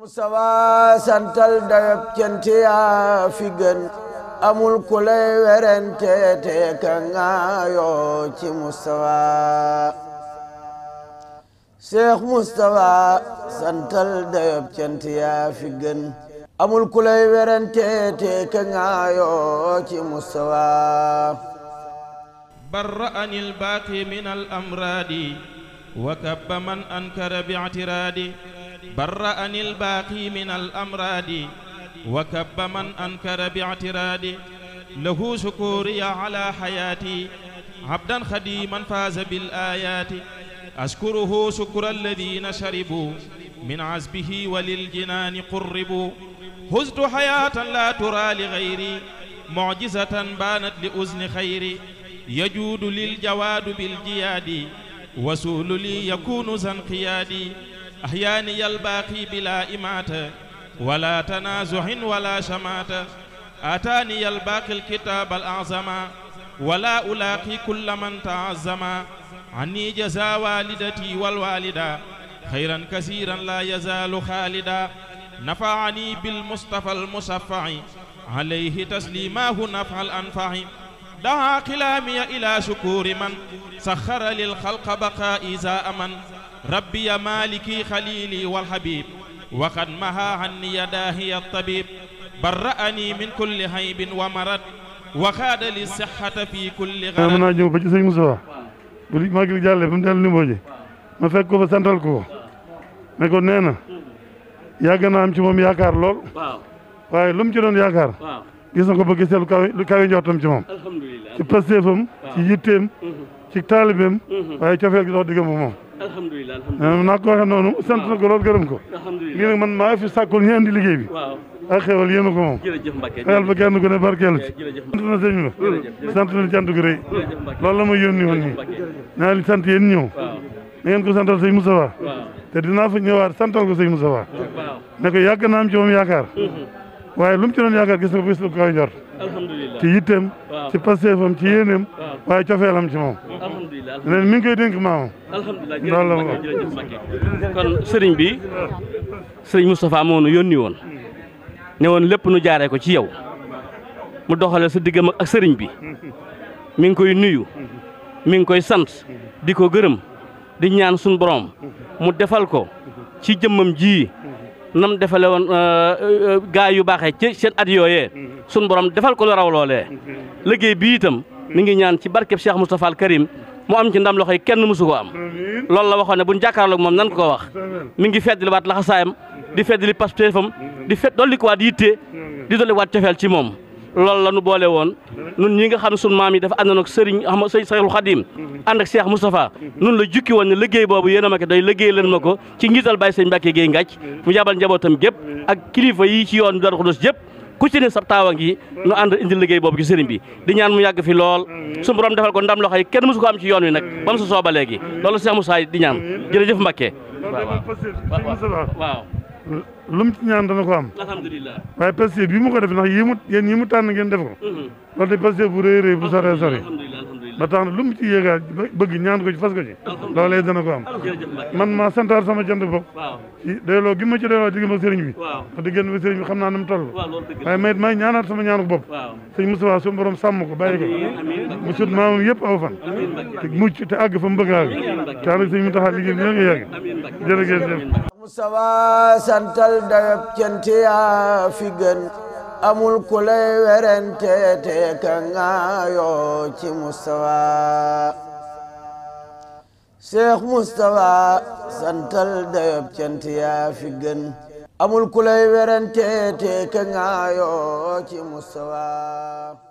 Mustafa santal fi gën amul ku lay Mustafa santal dayob cant yaa amul ku lay ka ngaayoo ci Mustafa barra'ani al min al wa kabba man ankara bi برأني الباقي من الأمراض وكب من أنكر باعترادي له شكوري على حياتي عبدا خديما فاز بالآيات أشكره شكر الذين شربوا من عزبه وللجنان قربوا هزت حياة لا ترى لغيري معجزة بانت لأذن خيري يجود للجواد بالجياد وسول لي يكون زنقيادي أحياني الباقي بلا إمات ولا تنازح ولا شمات آتاني الباقي الكتاب الأعظم ولا ألاقي كل من تعظم عني جزا والدتي والوالدة خيرا كثيرا لا يزال خالدا نفعني بالمصطفى المصفع عليه تسليماه نفع الأنفع دعا كلامي إلى شكور من سخر للخلق بقائي زاء من ربي يا مالكي خليلي والحبيب وقد مها عني داهي الطبيب برأني من كل هيب ومرض وخاد لي الصحة في كل غرض من ناجم فجي سوا بلي ما قلت جالي فم اللي نيمبوجي ما فكو فا سانتال كو نكو نينا ياغنا أمشي سي يا كار لول واي لوم سي دون ياكار gis na ko ba gisee lu kawe lu kawe njortam ci moom ci pastéefam ci yitteem ci taalibeem waaye alhamdulilah eh, alhamdulilah naa ko waxee noonu sant na ko loolu gërëm ko lii nag man maa fi sàkkul ñu andi liggéey bi ak xewal yéen a ko moom xewal ba kenn ku ne barkeelu ci sant na sëñ sant na cant gu rëy loolu la ma yónni woon nii naa li sant yéen ñëw na ngeen ko santal sëñ Moustapha te dinaa fa ñëwaat santal ko sëñ Moustapha ne ko yàgg naa am ci moom yaakaar mm-hmm. waaye lu mu ci doon yaakaar gis nga bis lu koy jor yitteem ci pasteefam ci yéeneem waaye cofeelam ci moom leen mi ngi koy dénk maamam. alhamdulilah kon sëriñ bi sëriñ Moustapha moo nu yónni woon ne woon lépp nu jaaree ko ci yow mu doxale sa diggam ak sëriñ bi mi ngi koy nuyu mi ngi koy sant di ko gërëm di ñaan suñu borom mu defal ko ci jëmmam ji nam defale woon euh, euh, gaa yu baaxee ci seen at yooyee suñu borom defal ko lu raw bi itam mi ñaan ci barkeb Cheikh Moustapha al Karim mu am ci ndam loxo yi kenn mësu koo am loolu la waxoon ne buñ jàkkaarloog moom nan ko ko wax mi ngi feddli waat laxasaayam di feddli pastéefam di fet dolli ko waat yitte di dolli waat cofeel ci moom loolu la nu boole woon nun ñi nga xam ne sunu maam yi dafa àndoon ak sëriñ xam sëriñ Seexul Xadim ànd ak Cheikh Moustapha nun la jukki woon ne liggéey boobu yéen a ma ko doy liggéey leen ma ko ci njiital Baye Sëñ Mbàkke Géey Ngàcc mu jabal njabootam gépp ak kilifa yi ci yoon Daaru Xudoos yëpp ku ci ne sab taawa ngi nu ànd indi liggéey boobu ci sëriñ bi diñaan mu yàgg fi lool suñu borom defal ko ndam loxo yi kenn mësu ko am ci yoon wi nag ba mu sa gi léegi loolu Cheikh Moussa di ñaan jërëjëf Mbacké waaw lu mu ci ñaan dana ko am alhamdulilah waaye pasté bi mu ko def na yi mu yéen yi mu tànn ngeen def ko mm-hmm. loolu de pasté bu rëy rëy bu sore sore ba tax na lu mu ci yéegaat bëgg ñaan ko ci fas ko ci loolee dana ko am man maa santaar sama jant bopp ci doyloo gi ma ci doyloo digg ma sëriñ bi wax di génn ba sëriñ bi xam naa ni mu toll waaye may may ñaanaat sama ñaanu bopp sëñ Moustapha suñu borom sàmm ko bàyyi ko mu sut maamam yëpp aw fan te mucc te àgg fa bëgg a àgg te ànd mu taxaa liggéey bi nga yàgg jërëjëf Moustapha santal dayab cant yaa fi gën amul kulay werante te ka ŋaayo ci mustawa sheikh mustawa santal da cant yaa fi gën amul kulay werante te ka ŋaayo ci mustawa